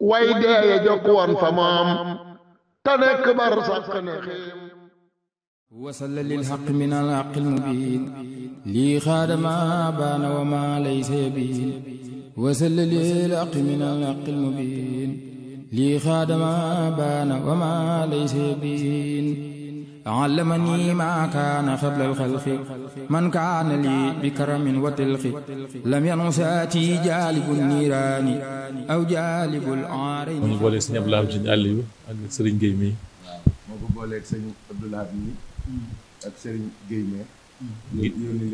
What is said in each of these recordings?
way deeye jokk woon fa moom te nekk bar sàkk ne xiim wasalla lilxaq min alxaq almubin lii xaadama baana wa ma laysa yabin wasalla lilxaq min alxaq almubin lii xaadama baana wa ma laysa yabin علمني ما كان قبل الخلق من كان لي بكرم وتلق لم ينساتي جالب النيران أو جالب العارين mu boole sëñ Abdou Lahad sëñ Aliou ak sëriñ Guèye mi moo ko booleeg sëñ Abdou Lahad mi ak sëriñ Guèye mi yónni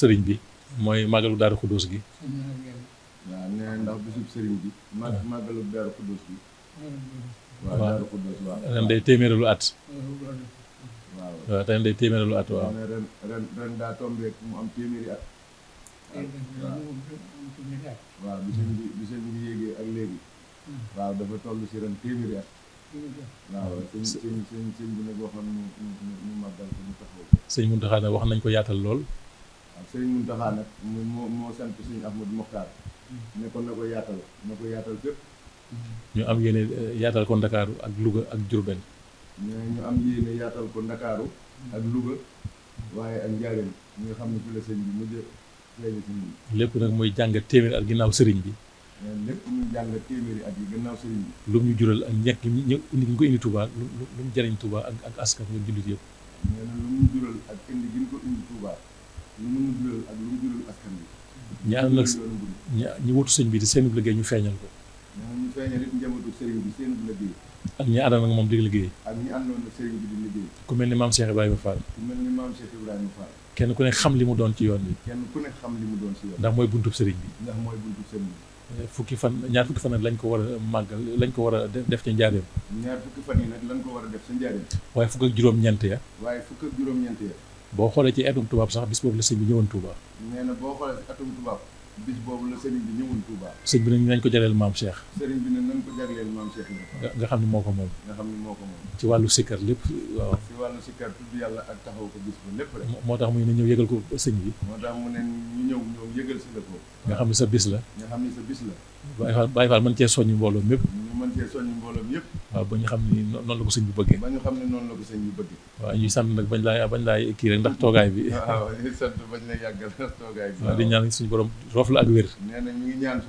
sëriñ bi mooy màggalu Daaru Xudoos gi waaw nee gi ren day téeméeri lu at. waaw ren daa tombé mu am téeméeri at. waaw bi sëñ bi bi sëñ bi yéegee ak léegi. Hmm. waaw dafa toll ci ren téeméeri at. waaw hmm. sëñ sëñ bi nag waxoon mu mu mu màggal ko mu taxaw. sëñ Mountakha nag wax nañ ko yaatal lool. waaw sëñ Mountakha nag moo moo sant sëñ Ahmadou Mokhtar. Hmm. ne ko na ko yaatal na ko yaatal fépp. ñu am yéene euh, yaatal ko Ndakaaru ak Louga ak Diourbel. ñu am yéene yaatal ko Ndakaaru ak Louga waaye ak Njaaréem ñi nga xam ne fi la sëñ bi mujj feeñ lépp nag mooy jàng téeméeri ak ginnaaw sëriñ bi. lépp jàng téeméeri at yi gannaaw sëriñ bi. lu mu ñu jural ak ñekk ñu indi ñu ko indi Touba lu lu mu jëriñ Touba ak ak askan wi jullit yëpp. nee na jural ak indi gi ñu ko lu mu jural ak lu bi ñu ànd ñu wutu sëñ bi di seen liggéey ñu feeñal ko. ñu feeñal it njabootu sëriñ bi seen liggéey ak ñi àndoon ak moom di liggéey ak ñi àndoon ak sëriñ bi di liggéey ku mel ni maam Cheikh Ibrahima Fall mel ni maam Cheikh kenn ku ne xam li mu doon ci yoon bi kenn ku ne xam li mu doon ci yoon ndax mooy buntub bi ndax mooy buntub sëriñ bi eh, fukki fan ñaar fukki fan nag lañ ko war a màggal lañ ko war a def ca njaareem ñaar fukki fan yi nag lañ ko war a def ca njaareem waaye fukk ak juróom-ñeent ya waaye fukk ak juróom-ñeent ya boo xoolee ci atum tubaab sax bis boobu la sëñ bi ñëwoon Touba nee na boo xoolee ci atum bis boobu la sëriñ bi ñëwoon Touba. sëñ bi nañ ko jagleel maam Cheikh. sëriñ bi nañ ko jagleel maam Cheikh nga xam ne moo ko moom. xam ne moo ko moom. ci wàllu sikkar lépp waaw. ci wàllu sikkar tudd yàlla ak taxaw ko bis ba lépp rek. moo tax mu ne ñëw yëgal ko sëñ bi. moo tax mu ne ñu ñëw ñëw yëgal si la ko. nga xam ne sa bis la. nga xam ne sa bis la. Baye Fall Baye Fall mën cee soññu mbooloo mépp ñu mën cee soññu mbooloom yëpp waaw ba ñu xam ne noon la ko sëñ bi bëggee ba ñu xam ne noonu la ko laa bañ laa kii rek ndax toogaay bi waaw sant bañ lay roof la ak wér. nee na ñu ngi nga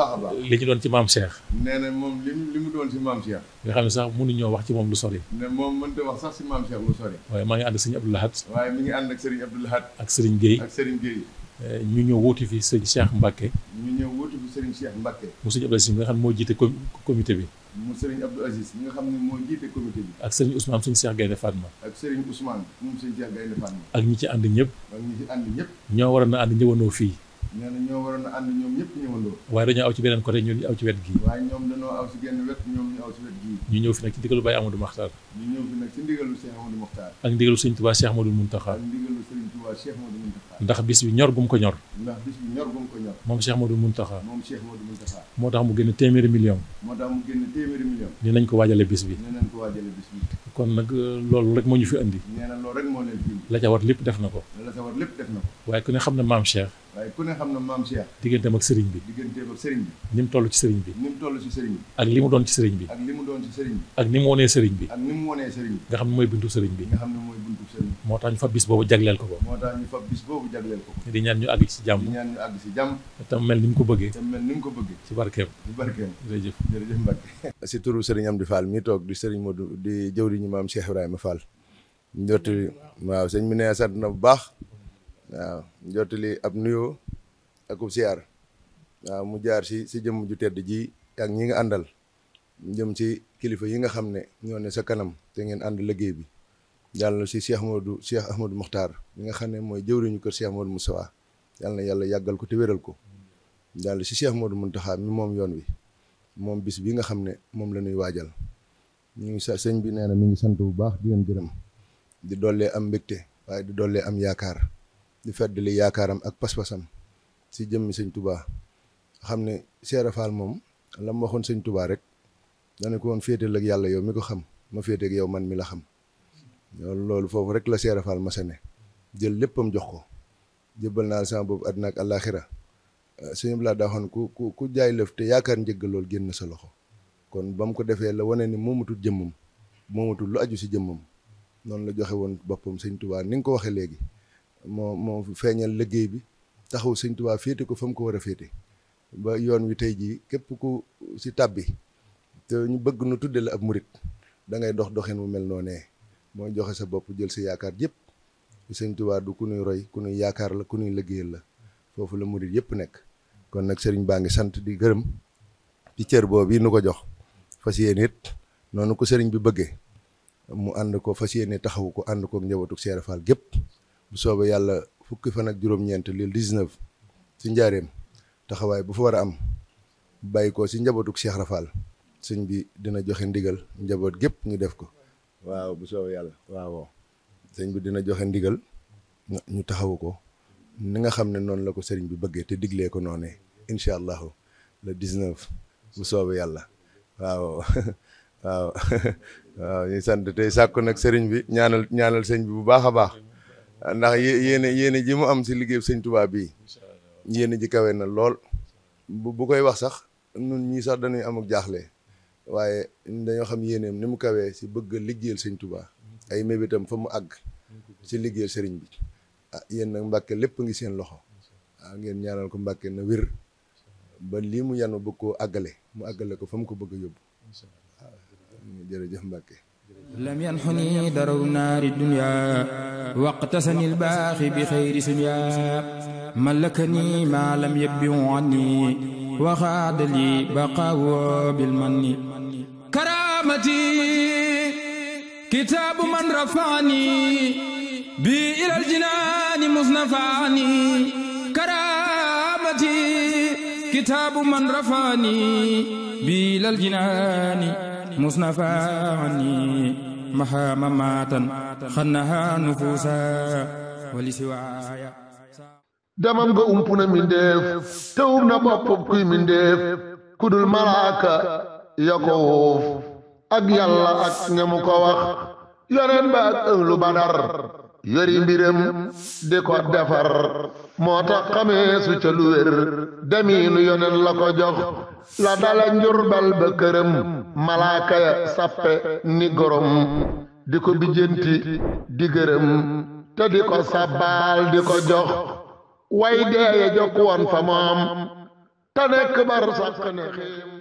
a baax. li ñu doon ci maam Cheikh. nee na moom li mu li mu doon ci maam Cheikh. nga xam ne sax mënuñoo wax ci moom lu sori. ne moom mënut a wax sax ci maam Cheikh lu sori. waaye maa ngi ànd ak sëriñ Abdou ak sëriñ Abdou eh, ñu ñëw wuuti fi sëriñ Cheikh Mbacke. ñu ñëw Serigne Cheikh Mbacke. mu Serigne Abdou Aziz mi nga xam ne moo jiite comité bi. mu Serigne Abdou Aziz mi nga xam ne moo ak Serigne Ousmane Serigne Cheikh Gaynde Fatma. Gaynde Fatma. ak ak ñi ci ànd ñëpp. ñoo waroon a ànd ñëwandoo fii. nee ñoo waroon a ànd ñoom ñëpp ñëwandoo. waaye dañoo aw ci beneen côté ñun ñu aw ci wet gi. waaye ñoom dañoo aw ci genn wet ñoom Mbaaw ci wet gii ñu ñëw fi nag ci ndigalu Baye Amadou Makhtar ñu ñëw fi nag ci ndigalu Cheikh Amadou Makhtar ak ndigalu Sëriñ Touba Cheikh Amadou Mountakha ak ndigalu Sëriñ Touba Cheikh Amadou Mountakha ndax bis bi ñor gum ko ñor ndax bis bi ñor gum ko ñor moom Cheikh Amadou Mountakha moom Cheikh Amadou Mountakha moo tax mu génn téeméeri million moo tax mu génn téeméeri million ni nañ ko waajale bis bi ni nañ ko waajale bis bi kon nag loolu rek moo ñu fi andi. nee na loolu rek moo leen fi indi. la ca war lépp def na ko. la ca war lépp def na ko. waaye ku ne xam na maam Cheikh. waaye ku ne xam na maam Cheikh. digganteem ak sëriñ bi. digganteem ak sëriñ bi. ni mu toll ci sëriñ bi. ni mu toll ci sëriñ bi. ak li mu doon ci sëriñ bi. ak li mu doon ci sëriñ bi. ak ni mu wonee sëriñ bi. ak ni mu wonee sëriñ bi. nga xam ne mooy buntu sëriñ bi. nga xam ne mooy buntu sëriñ bi. moo tax ñu fab bis boobu jagleel ko ko. moo tax ñu fab bis boobu jagleel ko ko. di ñaan ñu àgg ci jàmm. di ñaan ñu àgg ci jàmm. te mel ni mu ko bëggee. te mel ni mu ko bëggee. ci barkeem. ci barkeem jërëjëf jërëjëf Mbacke. si turu sëriñ Amdi Fall mi toog di sëriñ Modou di jëwriñ suñu maam Cheikh Ibrahima Fall jottali waaw sëñ bi nee sant na bu baax waaw jottali ab nuyoo akub siyaar waaw mu jaar si si jëmm ju tedd ji ak ñi ngi àndal jëm si kilifa yi nga xam ne ñoo ne sa kanam te ngeen ànd liggéey bi jàll si Cheikh Modou Cheikh Ahmadou Mokhtar mi nga xam ne mooy jëwriñu kër Cheikh Modou Moustapha yàlla na yàlla yàggal ko te wéral ko jàll si Cheikh Modou Mountakha mi moom yoon wi moom bis bi nga xam ne moom la ñuy waajal ñu ngi sëñ bi nee na mi ngi sant bu baax di leen di dollee am mbégte waaye di dollee am yaakaar di fedd li yaakaaram ak pas-pasam si jëmmi sëñ tubaa xam ne Seera Faal moom la mu waxoon sëñ tubaa rek dana ko woon féetal ak yàlla yow mi ko xam ma féete ak yow man mi la xam loolu foofu rek la Seera Faal masane jël léppam jox ko jëbbal naa sama boobu àddina ak àllaaxira sëñ laa daaxoon ku ku ku jaay lëf te yaakaar njëgg loolu génn sa loxo kon ba mu ko defee la wane ni moomatul jëmmam moomatul lu aju si jëmmam noonu la joxe woon boppam sëñ tubaa ni nga ko waxee léegi moo moo feeñal liggéey bi taxaw sëñ tubaa féete ko fa mu ko war a féete ba yoon wi tey jii képp ku si tàbbi te ñu bëgg nu tudde la ab murit da ngay dox doxin wu mel noonee mooy joxe sa bopp jël si yaakaar yëpp sëñ tubaa du ku nuy roy ku nuy yaakaar la ku nuy liggéeyal la foofu la murit yëpp nekk kon nag sëriñ baa ngi sant di gërëm ci cër yi nu ko jox fas yéene it noonu ko sëriñ bi bëggee mu ànd ko fas yéene taxawu ko ànd kook njabootu Seera gépp bu soobee yàlla fukki fan ak juróom-ñeent le 19 ci njaareem taxawaay bu fa war a am bàyyi ko si njabootu Seera Faal sëñ bi dina joxe ndigal njaboot gépp ñu def ko waaw bu soobee yàlla waaw sëñ bi dina joxe ndigal ñu taxawu ko ni nga xam ne noonu la ko sëriñ bi bëggee te diglee ko noonee incha allahu le 19 bu soobee yàlla. waaw waaw waaw ñuy sant tey sàkku nag sëriñ bi ñaanal ñaanal sëñ bi bu baax a baax ndax yéene yéene ji mu am si liggéey sëñ Tuubaa bii yéene ji kawe na lool bu bu koy wax sax nun ñii sax dañuy am jaaxle waaye dañoo xam yéeneem ni mu kawee si bëgg a liggéeyal sëñ Tuubaa ay mébétam fa mu àgg si liggéeyal sëriñ bi ah yéen nag Mbàkke lépp ngi seen loxo ah ngeen ñaanal ko Mbàkke na wér ba lii mu yanu bëgg koo mu àggale ko fa mu ko bëgg a yóbbu waaw jërëjëf Mbàkke lam yanxuni daraw naari dunya waqtasani albaaxi bi xayri sunya malakani maa lam yabbi anni waxaadali baqaawo bil manni karaamati kitaabu man rafaani bi ilal jinaani musnafaani kitaabu man rafaani biilal jinaani musnafaani mahaama maatan xannaha nufuusa wali siwaaya damam nga umpuna mindeef te um kuy mindeef kudul malaaka ya ko wuuf ak yàlla ak ñamu ko wax yoneen ba yori mbiram di ko defar moo tax xamee su ca lu wér demiinu la ko jox la dala njurbal ba këram malaaka sappe ni gorom di ko bijjanti di gërëm di ko sabbaal di ko jox way deeye jokk woon fa moom te nekk bar sàq